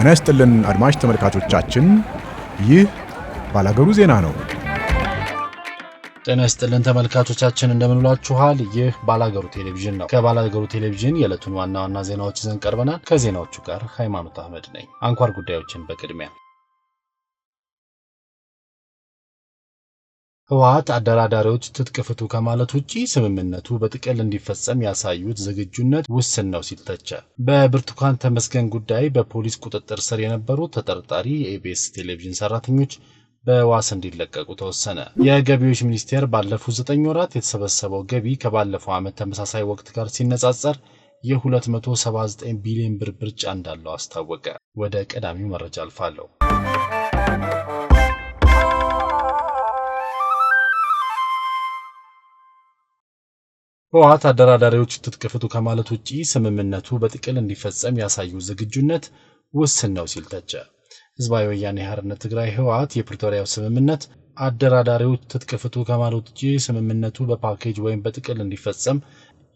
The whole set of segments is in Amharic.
ጤና ይስጥልን አድማጭ ተመልካቾቻችን፣ ይህ ባላገሩ ዜና ነው። ጤና ይስጥልን ተመልካቾቻችን እንደምንላችኋል። ይህ ባላገሩ ቴሌቪዥን ነው። ከባላገሩ ቴሌቪዥን የዕለቱን ዋና ዋና ዜናዎች ይዘን ቀርበናል። ከዜናዎቹ ጋር ሃይማኖት አህመድ ነኝ። አንኳር ጉዳዮችን በቅድሚያ ህወሓት አደራዳሪዎች ትጥቅ ፍቱ ከማለት ውጪ ስምምነቱ በጥቅል እንዲፈጸም ያሳዩት ዝግጁነት ውስን ነው ሲል ተቸ። በብርቱካን ተመስገን ጉዳይ በፖሊስ ቁጥጥር ስር የነበሩ ተጠርጣሪ የኢቢኤስ ቴሌቪዥን ሰራተኞች በዋስ እንዲለቀቁ ተወሰነ። የገቢዎች ሚኒስቴር ባለፉት ዘጠኝ ወራት የተሰበሰበው ገቢ ከባለፈው ዓመት ተመሳሳይ ወቅት ጋር ሲነጻጸር የ279 ቢሊዮን ብር ብርጫ እንዳለው አስታወቀ። ወደ ቀዳሚው መረጃ አልፋለሁ። ህወሓት አደራዳሪዎች ትጥቅ ፍቱ ከማለት ውጪ ስምምነቱ በጥቅል እንዲፈጸም ያሳዩ ዝግጁነት ውስን ነው ሲል ተቸ። ህዝባዊ ወያኔ ሓርነት ትግራይ ህወሓት የፕሪቶሪያው ስምምነት አደራዳሪዎች ትጥቅ ፍቱ ከማለት ውጪ ስምምነቱ በፓኬጅ ወይም በጥቅል እንዲፈጸም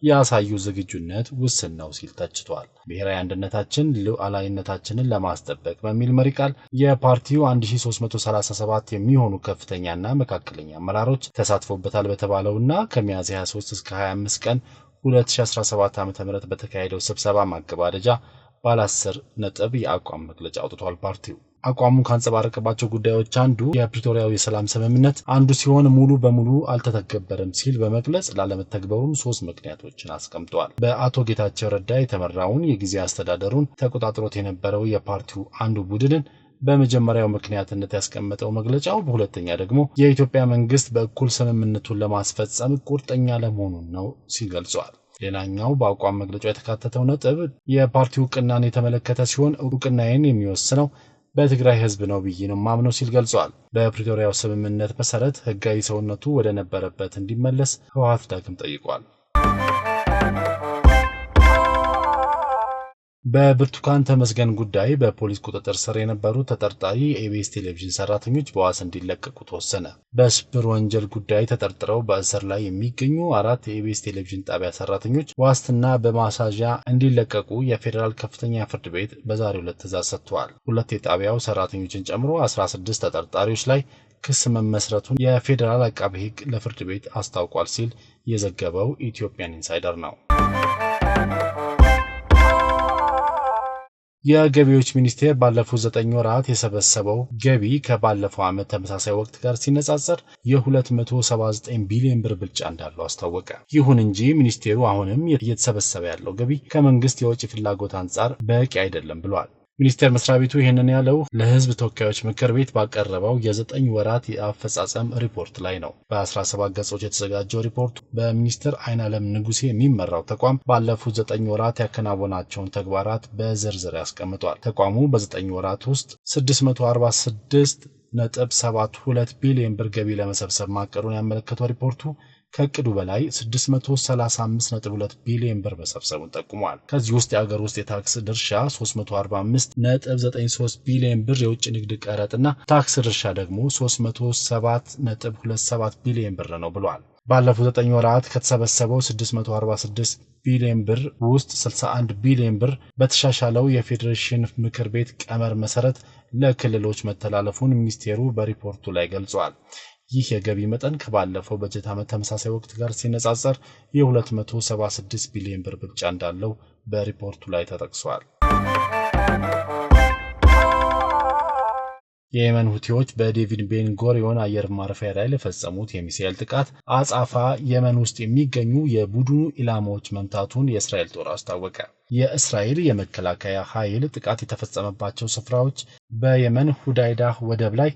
ያሳዩ ዝግጁነት ውስን ነው ሲል ተችቷል። ብሔራዊ አንድነታችን ሉዓላዊነታችንን ለማስጠበቅ በሚል መሪ ቃል የፓርቲው 1337 የሚሆኑ ከፍተኛና መካከለኛ አመራሮች ተሳትፎበታል በተባለውና ከሚያዝያ 23 እስከ 25 ቀን 2017 ዓ.ም በተካሄደው ስብሰባ ማገባደጃ ባለ አስር ነጥብ የአቋም መግለጫ አውጥቷል። ፓርቲው አቋሙን ካንጸባረቀባቸው ጉዳዮች አንዱ የፕሪቶሪያው የሰላም ስምምነት አንዱ ሲሆን ሙሉ በሙሉ አልተተገበረም ሲል በመግለጽ ላለመተግበሩም ሶስት ምክንያቶችን አስቀምጠዋል። በአቶ ጌታቸው ረዳ የተመራውን የጊዜ አስተዳደሩን ተቆጣጥሮት የነበረው የፓርቲው አንዱ ቡድንን በመጀመሪያው ምክንያትነት ያስቀመጠው መግለጫው፣ በሁለተኛ ደግሞ የኢትዮጵያ መንግስት በእኩል ስምምነቱን ለማስፈጸም ቁርጠኛ ለመሆኑን ነው ሲገልጿል። ሌላኛው በአቋም መግለጫው የተካተተው ነጥብ የፓርቲ እውቅናን የተመለከተ ሲሆን እውቅናዬን የሚወስነው በትግራይ ህዝብ ነው ብዬ ነው ማምነው ሲል ገልጿል። በፕሪቶሪያው ስምምነት መሰረት ህጋዊ ሰውነቱ ወደ ነበረበት እንዲመለስ ህወሀት ዳግም ጠይቋል። በብርቱካን ተመስገን ጉዳይ በፖሊስ ቁጥጥር ስር የነበሩ ተጠርጣሪ የኢቢኤስ ቴሌቪዥን ሰራተኞች በዋስ እንዲለቀቁ ተወሰነ። በስፕር ወንጀል ጉዳይ ተጠርጥረው በእስር ላይ የሚገኙ አራት የኢቢኤስ ቴሌቪዥን ጣቢያ ሰራተኞች ዋስትና በማሳዣ እንዲለቀቁ የፌዴራል ከፍተኛ ፍርድ ቤት በዛሬው ዕለት ትዕዛዝ ሰጥቷል። ሁለት የጣቢያው ሰራተኞችን ጨምሮ 16 ተጠርጣሪዎች ላይ ክስ መመስረቱን የፌዴራል አቃቤ ሕግ ለፍርድ ቤት አስታውቋል ሲል የዘገበው ኢትዮጵያን ኢንሳይደር ነው። የገቢዎች ሚኒስቴር ባለፉት ዘጠኝ ወራት የሰበሰበው ገቢ ከባለፈው ዓመት ተመሳሳይ ወቅት ጋር ሲነጻጸር የ279 ቢሊዮን ብር ብልጫ እንዳለው አስታወቀ። ይሁን እንጂ ሚኒስቴሩ አሁንም እየተሰበሰበ ያለው ገቢ ከመንግስት የውጭ ፍላጎት አንጻር በቂ አይደለም ብሏል። ሚኒስቴር መስሪያ ቤቱ ይህንን ያለው ለህዝብ ተወካዮች ምክር ቤት ባቀረበው የዘጠኝ ወራት የአፈጻጸም ሪፖርት ላይ ነው። በ17 ገጾች የተዘጋጀው ሪፖርቱ በሚኒስትር አይናለም ንጉሴ የሚመራው ተቋም ባለፉት ዘጠኝ ወራት ያከናወናቸውን ተግባራት በዝርዝር ያስቀምጧል። ተቋሙ በዘጠኝ ወራት ውስጥ 646 ነጥብ 72 ቢሊዮን ብር ገቢ ለመሰብሰብ ማቀዱን ያመለከተው ሪፖርቱ ከእቅዱ በላይ 635.2 ቢሊዮን ብር መሰብሰቡን ጠቁሟል። ከዚህ ውስጥ የአገር ውስጥ የታክስ ድርሻ 345.93 ቢሊዮን ብር፣ የውጭ ንግድ ቀረጥና ታክስ ድርሻ ደግሞ 307.27 ቢሊዮን ብር ነው ብሏል። ባለፉት ዘጠኝ ወራት ከተሰበሰበው 646 ቢሊዮን ብር ውስጥ 61 ቢሊዮን ብር በተሻሻለው የፌዴሬሽን ምክር ቤት ቀመር መሰረት ለክልሎች መተላለፉን ሚኒስቴሩ በሪፖርቱ ላይ ገልጿል። ይህ የገቢ መጠን ከባለፈው በጀት ዓመት ተመሳሳይ ወቅት ጋር ሲነጻጸር የ276 ቢሊዮን ብር ብልጫ እንዳለው በሪፖርቱ ላይ ተጠቅሷል። የየመን ሁቲዎች በዴቪድ ቤን ጎሪዮን አየር ማረፊያ ላይ ለፈጸሙት የሚሳኤል ጥቃት አጻፋ የመን ውስጥ የሚገኙ የቡድኑ ኢላማዎች መምታቱን የእስራኤል ጦር አስታወቀ። የእስራኤል የመከላከያ ኃይል ጥቃት የተፈጸመባቸው ስፍራዎች በየመን ሁዳይዳ ወደብ ላይ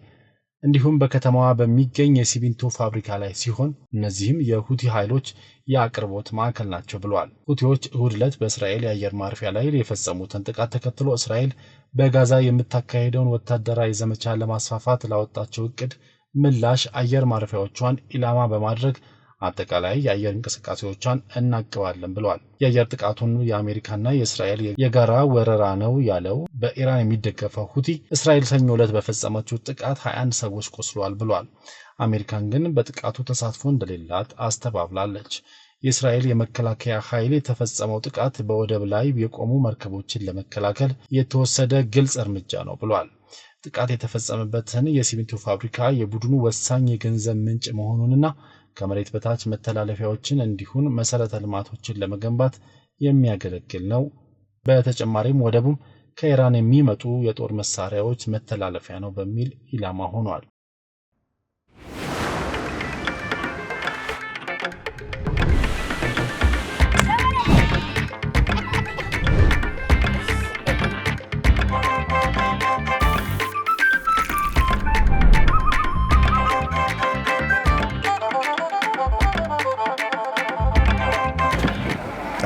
እንዲሁም በከተማዋ በሚገኝ የሲሚንቶ ፋብሪካ ላይ ሲሆን እነዚህም የሁቲ ኃይሎች የአቅርቦት ማዕከል ናቸው ብለዋል። ሁቲዎች እሁድ ዕለት በእስራኤል የአየር ማረፊያ ላይ የፈጸሙትን ጥቃት ተከትሎ እስራኤል በጋዛ የምታካሄደውን ወታደራዊ ዘመቻ ለማስፋፋት ላወጣቸው እቅድ ምላሽ አየር ማረፊያዎቿን ኢላማ በማድረግ አጠቃላይ የአየር እንቅስቃሴዎቿን እናቅባለን ብለዋል። የአየር ጥቃቱን የአሜሪካና የእስራኤል የጋራ ወረራ ነው ያለው በኢራን የሚደገፈው ሁቲ እስራኤል ሰኞ ዕለት በፈጸመችው ጥቃት 21 ሰዎች ቆስለዋል ብለዋል። አሜሪካን ግን በጥቃቱ ተሳትፎ እንደሌላት አስተባብላለች። የእስራኤል የመከላከያ ኃይል የተፈጸመው ጥቃት በወደብ ላይ የቆሙ መርከቦችን ለመከላከል የተወሰደ ግልጽ እርምጃ ነው ብሏል። ጥቃት የተፈጸመበትን የሲሚንቶ ፋብሪካ የቡድኑ ወሳኝ የገንዘብ ምንጭ መሆኑንና ከመሬት በታች መተላለፊያዎችን እንዲሁም መሰረተ ልማቶችን ለመገንባት የሚያገለግል ነው። በተጨማሪም ወደቡም ከኢራን የሚመጡ የጦር መሳሪያዎች መተላለፊያ ነው በሚል ኢላማ ሆኗል።